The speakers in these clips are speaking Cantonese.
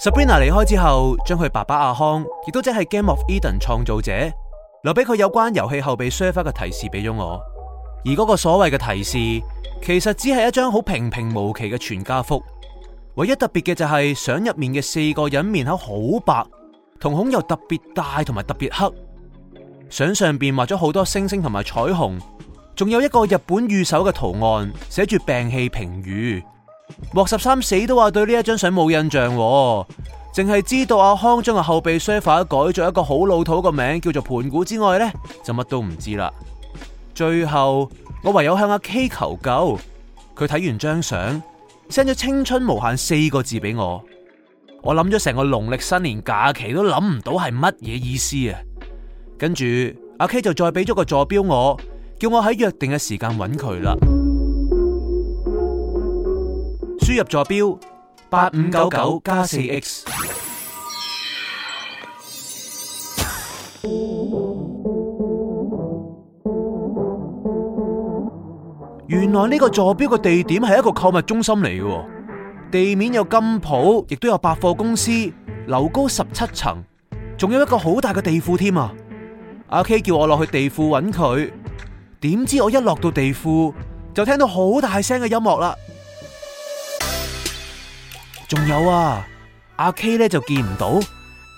Sabrina 離開之後，將佢爸爸阿康，亦都即係《Game of Eden》創造者，留俾佢有關遊戲後備 server 嘅提示俾咗我。而嗰個所謂嘅提示，其實只係一張好平平無奇嘅全家福。唯一特別嘅就係相入面嘅四個人面口好白，瞳孔又特別大同埋特別黑。相上邊畫咗好多星星同埋彩虹，仲有一個日本御守嘅圖案，寫住病氣平愈。莫十三死都話對呢一張相冇印象，哦，淨係知道阿康將個後備 server 改咗一個好老土嘅名叫做盤古之外呢，就乜都唔知啦。最後我唯有向阿 K 求救，佢睇完張相 send 咗青春無限四個字俾我，我諗咗成個農曆新年假期都諗唔到係乜嘢意思啊！跟住阿 K 就再俾咗個坐標我，叫我喺約定嘅時間揾佢啦。輸入坐標八五九九加四 X，原來呢個坐標嘅地點係一個購物中心嚟嘅，地面有金鋪，亦都有百貨公司，樓高十七層，仲有一個好大嘅地庫添啊！阿 K 叫我落去地庫揾佢，點知我一落到地庫就聽到好大聲嘅音樂啦。仲有啊，阿 K 咧就見唔到，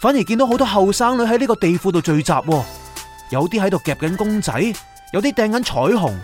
反而見到好多後生女喺呢個地庫度聚集喎，有啲喺度夾緊公仔，有啲掟緊彩虹，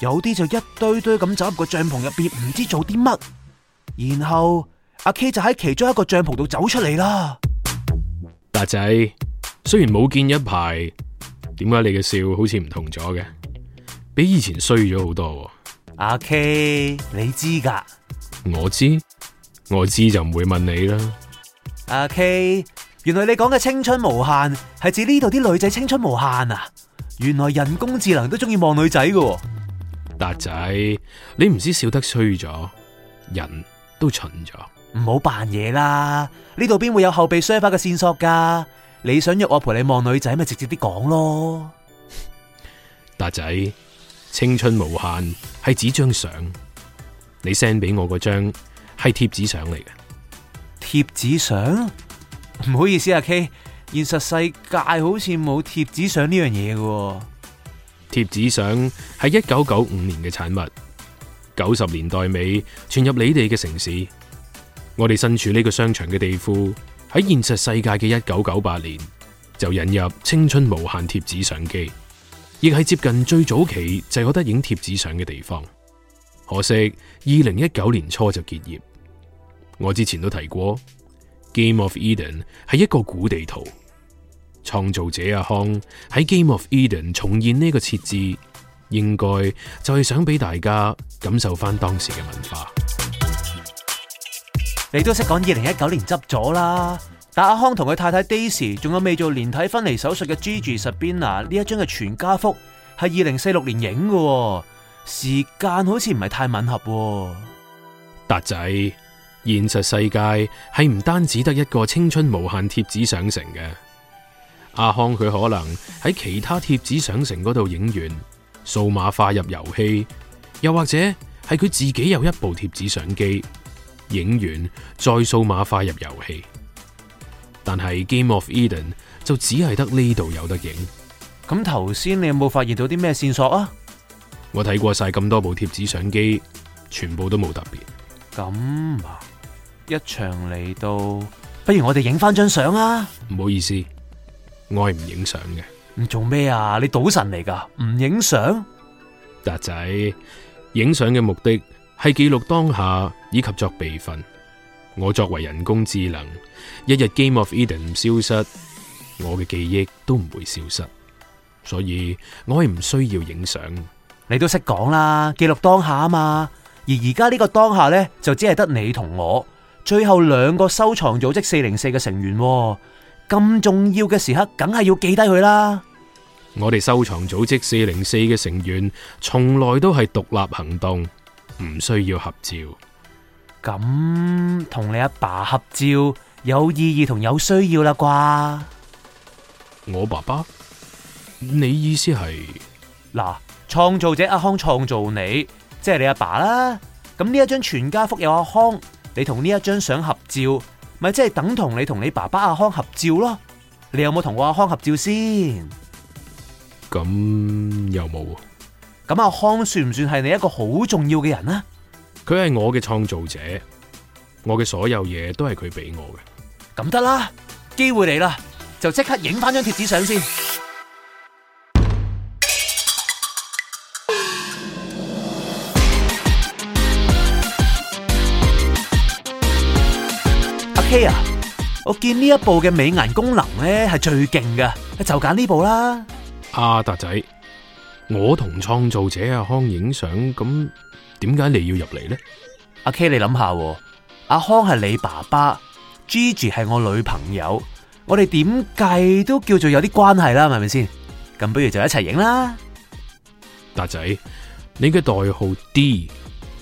有啲就一堆堆咁走入個帳篷入邊，唔知做啲乜。然後阿 K 就喺其中一個帳篷度走出嚟啦。達仔，雖然冇見一排，點解你嘅笑好似唔同咗嘅？比以前衰咗好多。阿 K，你知㗎？我知。我知就唔會問你啦。阿、uh, K，原來你講嘅青春無限係指呢度啲女仔青春無限啊！原來人工智能都中意望女仔噶。達仔，你唔知笑得衰咗，人都蠢咗，唔好扮嘢啦。呢度邊會有後備 server 嘅線索噶？你想約我陪你望女仔，咪直接啲講咯。達仔，青春無限係指張相，你 send 俾我嗰張。係貼紙相嚟嘅，貼紙相？唔好意思啊 K，現實世界好似冇貼紙相呢樣嘢嘅。貼紙相係一九九五年嘅產物，九十年代尾傳入你哋嘅城市。我哋身處呢個商場嘅地庫，喺現實世界嘅一九九八年就引入青春無限貼紙相機，亦係接近最早期就有得影貼紙相嘅地方。可惜二零一九年初就結業。我之前都提過，《Game of Eden》係一個古地圖，創造者阿康喺《Game of Eden》重現呢個設置，應該就係想俾大家感受返當時嘅文化。你都識講二零一九年執咗啦，但阿康同佢太太 Daisy，仲有未做連體分離手術嘅 Gigi Sabrina 呢一張嘅全家福，係二零四六年影嘅喎，時間好似唔係太吻合喎。達仔。現實世界係唔單止得一個青春無限貼紙相城嘅，阿康，佢可能喺其他貼紙相城嗰度影完，數碼化入遊戲，又或者係佢自己有一部貼紙相機影完再數碼化入遊戲。但係 Game of Eden 就只係得呢度有得影。咁頭先你有冇發現到啲咩線索啊？我睇過晒咁多部貼紙相機，全部都冇特別。咁啊？一場嚟到，不如我哋影返張相啊？唔好意思，我係唔影相嘅。唔做咩啊？你賭神嚟㗎，唔影相？達仔，影相嘅目的係記錄當下以及作備份。我作為人工智能，一日 Game of Eden 唔消失，我嘅記憶都唔會消失。所以我係唔需要影相。你都識講啦，記錄當下啊嘛。而而家呢個當下咧，就只係得你同我。最後兩個收藏組織四零四嘅成員，咁重要嘅時刻，梗係要記低佢啦。我哋收藏組織四零四嘅成員，從來都係獨立行動，唔需要合照。咁同你阿爸合照，有意義同有需要啦啩？我爸爸，你意思係？嗱，創造者阿康創造你，即係你阿爸啦。咁呢一張全家福有阿康，你同呢一張相合照，咪即係等同你同你爸爸阿康合照咯？你有冇同我阿康合照先？咁又冇？咁阿康算唔算係你一個好重要嘅人呢？佢係我嘅創造者，我嘅所有嘢都係佢俾我嘅。咁得啦，機會嚟啦，就即刻影翻張貼紙相先。K 啊，我見呢一部嘅美顏功能咧係最勁嘅，就揀呢部啦。阿達仔，我同創造者阿康影相，咁點解你要入嚟咧？阿、啊、K，你諗下，阿、啊、康係你爸爸，Gigi 係我女朋友，我哋點計都叫做有啲關係啦，係咪先？咁不如就一齊影啦。達仔，你嘅代號 D，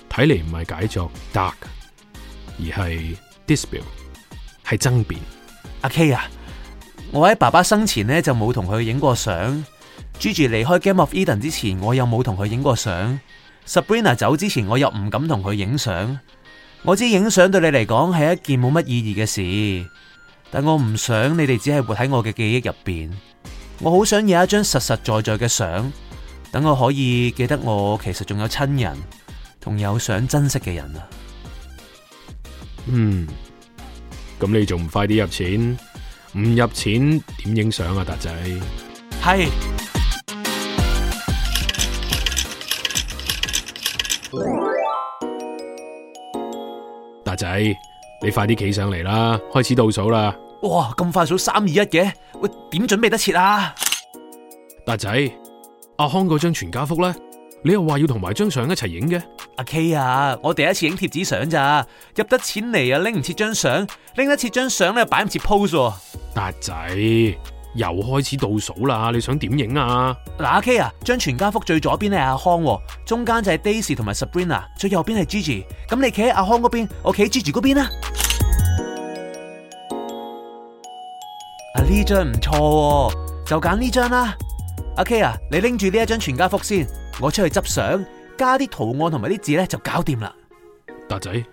睇嚟唔係解作 Dark，而係 dispute。係爭辯。阿 K 啊，我喺爸爸生前呢就冇同佢影過相，Gigi 離開 Game of Eden 之前，我又冇同佢影過相，Sabrina 走之前，我又唔敢同佢影相，我知影相對你嚟講係一件冇乜意義嘅事，但我唔想你哋只係活喺我嘅記憶入邊，我好想有一張實實在在嘅相，等我可以記得我其實仲有親人，同有想珍惜嘅人啊，嗯。咁你仲唔快啲入錢？唔入錢點影相啊？達仔，係，達仔，你快啲企上嚟啦！開始倒數啦！哇，咁快數三二一嘅，喂，點準備得切啊？達仔，阿康嗰張全家福呢？你又話要同埋張相一齊影嘅？阿 K 啊，我第一次影貼紙相咋，入得錢嚟啊，拎唔切張相，拎得切張相咧，擺唔切 pose 喎。達仔又開始倒數啦，你想點影啊？嗱，阿 K 啊，張全家福最左邊咧係阿康，啊，中間就係 Daisy 同埋 Sabrina，最右邊係 Gigi。咁你企喺阿康嗰邊，我企喺 Gigi 嗰邊啊。啊，呢張唔錯，就揀呢張啦。阿 K 啊，你拎住呢一張全家福先。我出去執相，加啲圖案同埋啲字咧就搞掂啦。達仔，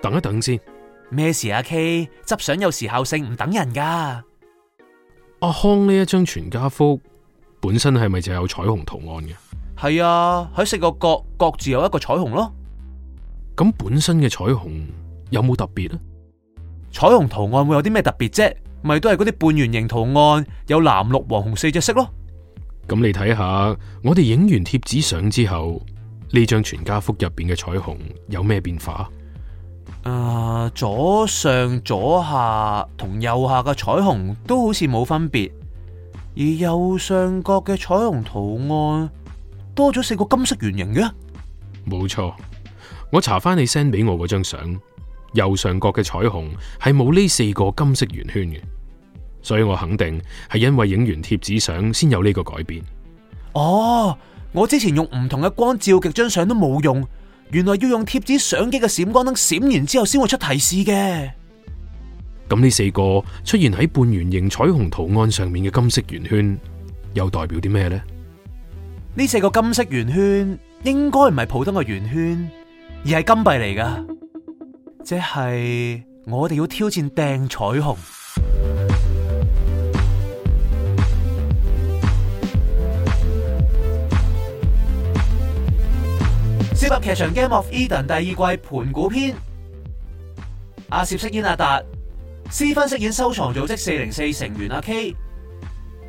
等一等先。咩事啊？K，執相有時效性唔等人噶。阿康呢一張全家福本身係咪就有彩虹圖案嘅？係啊，喺四個角各自有一個彩虹咯。咁本身嘅彩虹有冇特別咧？彩虹圖案會有啲咩特別啫？咪都係嗰啲半圓形圖案，有藍、綠、黃、紅四隻色咯。咁你睇下，我哋影完貼紙相之後，呢張全家福入邊嘅彩虹有咩變化？啊、呃，左上、左下同右下嘅彩虹都好似冇分別，而右上角嘅彩虹圖案多咗四個金色圓形嘅。冇錯，我查返你 send 俾我嗰張相，右上角嘅彩虹係冇呢四個金色圓圈嘅。所以我肯定係因為影完貼紙相先有呢個改變。哦，我之前用唔同嘅光照極張相都冇用，原來要用貼紙相機嘅閃光燈閃完之後先會出提示嘅。咁呢、嗯、四個出現喺半圓形彩虹圖案上面嘅金色圓圈，又代表啲咩呢？呢四個金色圓圈應該唔係普通嘅圓圈，而係金幣嚟噶。即係我哋要挑戰掟彩虹。《Zip 噏劇場 Game of Eden》第二季盤古篇，阿涉飾演阿達，斯芬飾演收藏組織404成員阿 K，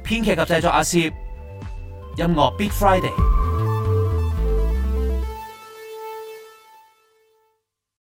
編劇及製作阿涉，音樂 Big Friday。